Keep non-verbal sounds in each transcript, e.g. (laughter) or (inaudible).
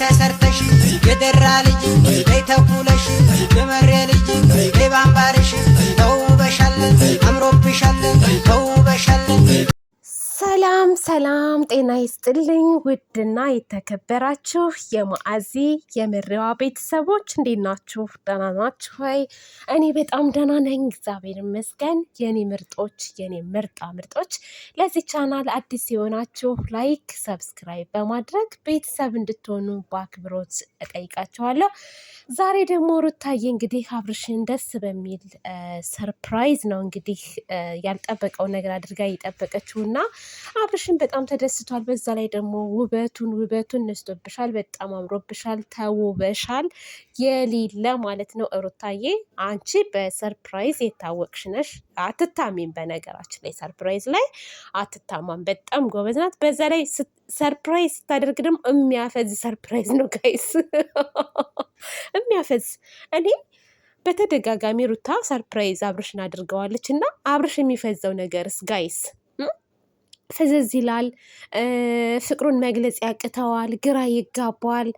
ተሰርተሽ የደራ ልጅ ተኩለሽ የመሬ ልጅ ባንባርሽ ተውበሻለን፣ አምሮብሻለን፣ ተውበሻለን። ሰላም ሰላም ጤና ይስጥልኝ። ውድና የተከበራችሁ የማዓዚ የመሪዋ ቤተሰቦች እንዴት ናችሁ? ደህና ናችሁ ወይ? እኔ በጣም ደህና ነኝ፣ እግዚአብሔር ይመስገን። የኔ ምርጦች፣ የኔ ምርጣ ምርጦች፣ ለዚህ ቻናል አዲስ የሆናችሁ ላይክ፣ ሰብስክራይብ በማድረግ ቤተሰብ እንድትሆኑ በአክብሮት እጠይቃችኋለሁ። ዛሬ ደግሞ ሩታዬ እንግዲህ አብርሽን ደስ በሚል ሰርፕራይዝ ነው እንግዲህ ያልጠበቀው ነገር አድርጋ የጠበቀችውና አብርሽ አብርሽን በጣም ተደስቷል። በዛ ላይ ደግሞ ውበቱን ውበቱን ነስቶብሻል፣ በጣም አምሮብሻል፣ ተውበሻል የሌለ ማለት ነው። እሩታዬ አንቺ በሰርፕራይዝ የታወቅሽ ነሽ። አትታሚም፣ በነገራችን ላይ ሰርፕራይዝ ላይ አትታማም። በጣም ጎበዝ ናት። በዛ ላይ ሰርፕራይዝ ስታደርግ ደግሞ የሚያፈዝ ሰርፕራይዝ ነው ጋይስ፣ (laughs) የሚያፈዝ እኔ በተደጋጋሚ ሩታ ሰርፕራይዝ አብርሽን አድርገዋለች እና አብርሽ የሚፈዘው ነገርስ ጋይስ ፈዘዝ ይላል፣ ፍቅሩን መግለጽ ያቅተዋል፣ ግራ ይጋባል።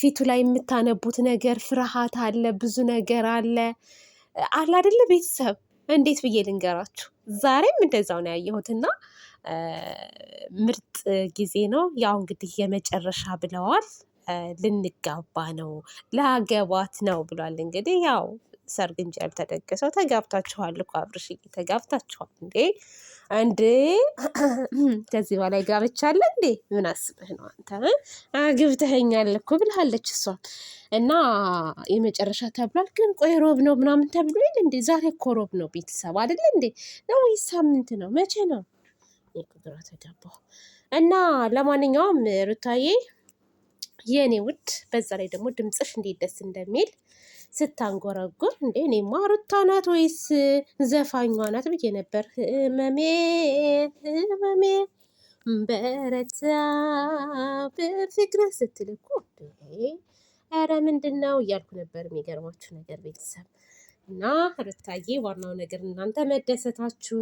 ፊቱ ላይ የምታነቡት ነገር ፍርሃት አለ፣ ብዙ ነገር አለ አለ አይደለ? ቤተሰብ እንዴት ብዬ ልንገራችሁ? ዛሬም እንደዛው ነው ያየሁትና ምርጥ ጊዜ ነው። ያው እንግዲህ የመጨረሻ ብለዋል፣ ልንጋባ ነው፣ ላገባት ነው ብሏል። እንግዲህ ያው ሰርግ እንጂ ያልተደገሰው ተጋብታችኋል እኮ አብርሽዬ፣ ተጋብታችኋል እንዴ! አንዴ ከዚህ በላይ ጋብቻ አለ እንዴ? ምን አስበህ ነው አንተ? አግብተኸኛል እኮ ብልሃለች እሷም እና የመጨረሻ ተብሏል። ግን ቆይ ሮብ ነው ምናምን ተብሎ ይል እንዴ? ዛሬ እኮ ሮብ ነው ቤተሰብ አይደል እንዴ? ነው ወይስ ሳምንት ነው? መቼ ነው? ግራ ተጋባሁ። እና ለማንኛውም ሩታዬ የእኔ ውድ። በዛ ላይ ደግሞ ድምፅሽ እንዴት ደስ እንደሚል ስታንጎረጉር እንዴ! እኔ ሩታ ናት ወይስ ዘፋኟ ናት ብዬ ነበር። ህመሜ ህመሜ በረታ በፍቅር ስትልኩ ኧረ ምንድን ነው እያልኩ ነበር። የሚገርማችሁ ነገር ቤተሰብ እና ርታዬ ዋናው ነገር እናንተ መደሰታችሁ፣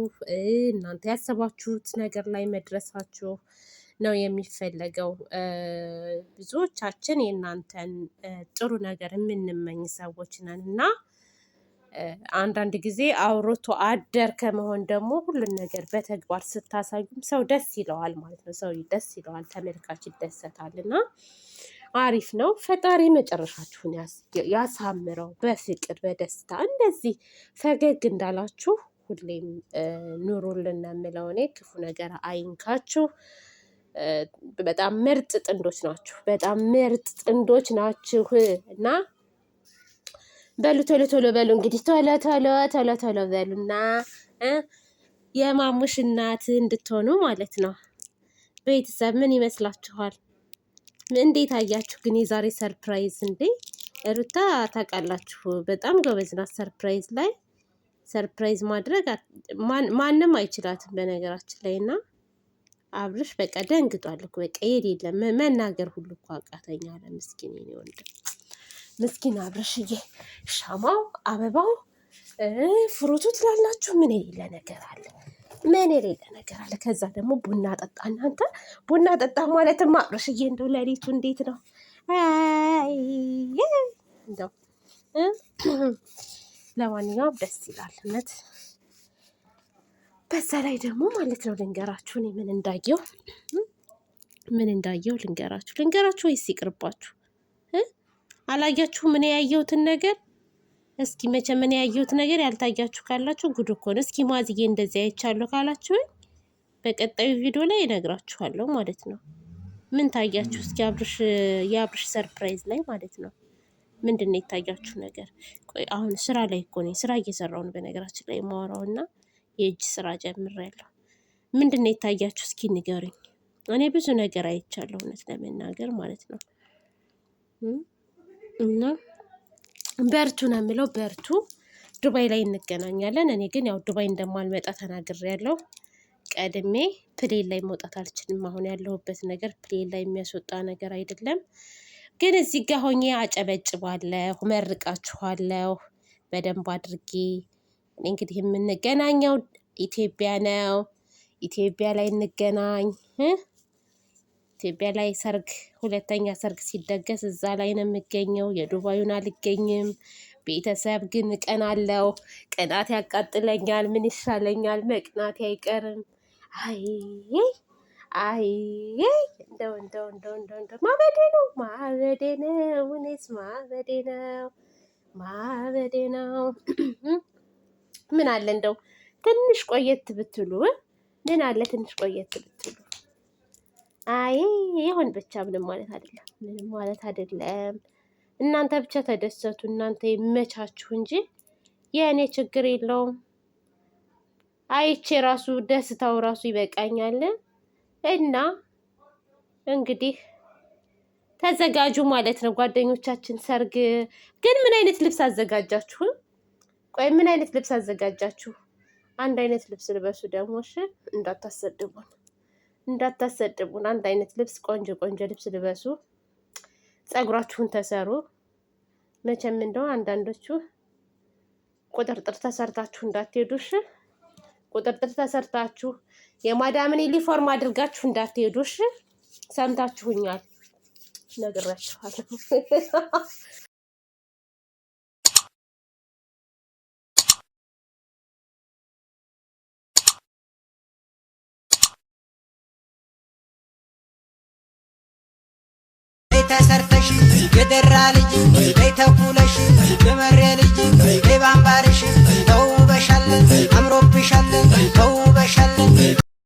እናንተ ያሰባችሁት ነገር ላይ መድረሳችሁ ነው የሚፈለገው። ብዙዎቻችን የእናንተን ጥሩ ነገር የምንመኝ ሰዎች ነን እና አንዳንድ ጊዜ አውርቶ አደር ከመሆን ደግሞ ሁሉን ነገር በተግባር ስታሳዩም ሰው ደስ ይለዋል ማለት ነው። ሰው ደስ ይለዋል፣ ተመልካች ይደሰታል እና አሪፍ ነው። ፈጣሪ መጨረሻችሁን ያሳምረው። በፍቅር በደስታ እንደዚህ ፈገግ እንዳላችሁ ሁሌም ኑሩልን ነው የምለው እኔ። ክፉ ነገር አይንካችሁ። በጣም ምርጥ ጥንዶች ናችሁ፣ በጣም ምርጥ ጥንዶች ናችሁ እና በሉ ቶሎ ቶሎ በሉ እንግዲህ ቶሎ ቶሎ ቶሎ ቶሎ እና የማሙሽ እናት እንድትሆኑ ማለት ነው። ቤተሰብ ምን ይመስላችኋል? እንዴት አያችሁ ግን የዛሬ ሰርፕራይዝ? እንዴ ሩታ ታውቃላችሁ በጣም ጎበዝ ናት። ሰርፕራይዝ ላይ ሰርፕራይዝ ማድረግ ማንም አይችላትም በነገራችን ላይ እና አብርሽ በቃ ደንግጧል እኮ በቃ የሌለም መናገር ሁሉ እኮ አቃተኛ አለ። ምስኪን የኔ ወንድም ምስኪን አብርሽዬ፣ ሻማው፣ አበባው፣ ፍሩቱ ትላላችሁ። ምን የሌለ ነገር አለ? ምን የሌለ ነገር አለ? ከዛ ደግሞ ቡና ጠጣ። እናንተ ቡና ጠጣ ማለትም አብርሽዬ፣ እንደው ለሊቱ እንዴት ነው እንደው? ለማንኛውም ደስ ይላል እውነት በዛ ላይ ደግሞ ማለት ነው ልንገራችሁ፣ እኔ ምን እንዳየው ምን እንዳየው ልንገራችሁ ልንገራችሁ ወይስ ይቅርባችሁ? አላያችሁ ምን ያየሁትን ነገር እስኪ መቼ ምን ያየሁት ነገር ያልታያችሁ ካላችሁ ጉድ እኮ ነው። እስኪ ማዝዬ እንደዚህ አይቻለሁ ካላችሁኝ በቀጣዩ ቪዲዮ ላይ እነግራችኋለሁ ማለት ነው። ምን ታያችሁ? እስኪ አብርሽ የአብርሽ ሰርፕራይዝ ላይ ማለት ነው ምንድን ነው የታያችሁ ነገር? ቆይ አሁን ስራ ላይ እኮ ነኝ፣ ስራ እየሰራሁ ነው በነገራችን ላይ የማወራው እና የእጅ ስራ ጀምሬያለሁ። ምንድን ነው የታያችሁ? እስኪ ንገሩኝ። እኔ ብዙ ነገር አይቻለሁ እውነት ለመናገር ማለት ነው። እና በርቱ ነው የምለው፣ በርቱ። ዱባይ ላይ እንገናኛለን። እኔ ግን ያው ዱባይ እንደማልመጣ ተናግሬያለሁ ቀድሜ። ፕሌን ላይ መውጣት አልችልም። አሁን ያለሁበት ነገር ፕሌን ላይ የሚያስወጣ ነገር አይደለም። ግን እዚህ ጋር ሆኜ አጨበጭባለሁ፣ መርቃችኋለሁ በደንብ አድርጌ እንግዲህ የምንገናኘው ኢትዮጵያ ነው። ኢትዮጵያ ላይ እንገናኝ። ኢትዮጵያ ላይ ሰርግ፣ ሁለተኛ ሰርግ ሲደገስ እዛ ላይ ነው የምገኘው። የዱባዩን አልገኝም። ቤተሰብ ግን እቀናለሁ። ቅናት ያቃጥለኛል። ምን ይሻለኛል? መቅናት አይቀርም። አይ አይ እንደው እንደው እንደው እንደው እንደው ማበዴ ነው ማበዴ ነው እኔስ ማበዴ ነው ማበዴ ነው። ምን አለ እንደው ትንሽ ቆየት ብትሉ ምን አለ ትንሽ ቆየት ብትሉ። አይ ይሁን ብቻ ምንም ማለት አይደለም፣ ምንም ማለት አይደለም። እናንተ ብቻ ተደሰቱ፣ እናንተ ይመቻችሁ እንጂ የእኔ ችግር የለውም። አይቼ ራሱ ደስታው ራሱ ይበቃኛል። እና እንግዲህ ተዘጋጁ ማለት ነው ጓደኞቻችን። ሰርግ ግን ምን አይነት ልብስ አዘጋጃችሁም? ቆይ ምን አይነት ልብስ አዘጋጃችሁ? አንድ አይነት ልብስ ልበሱ ደግሞ እሺ። እንዳታሰድቡን እንዳታሰድቡን። አንድ አይነት ልብስ ቆንጆ ቆንጆ ልብስ ልበሱ። ጸጉራችሁን ተሰሩ። መቼም እንደው አንዳንዶቹ ቁጥርጥር ተሰርታችሁ እንዳትሄዱ እሺ። ቁጥርጥር ተሰርታችሁ የማዳምን ዩኒፎርም አድርጋችሁ እንዳትሄዱ እሺ። ሰምታችሁኛል፣ ነግራችኋለሁ። (laughs) ተሰርተሽ የደራ ልጅ በይ ተኩለሽ የመሬ ልጅ በይ ባምባርሽ ተውበሻለን አምሮብሻለን ተውበሻለን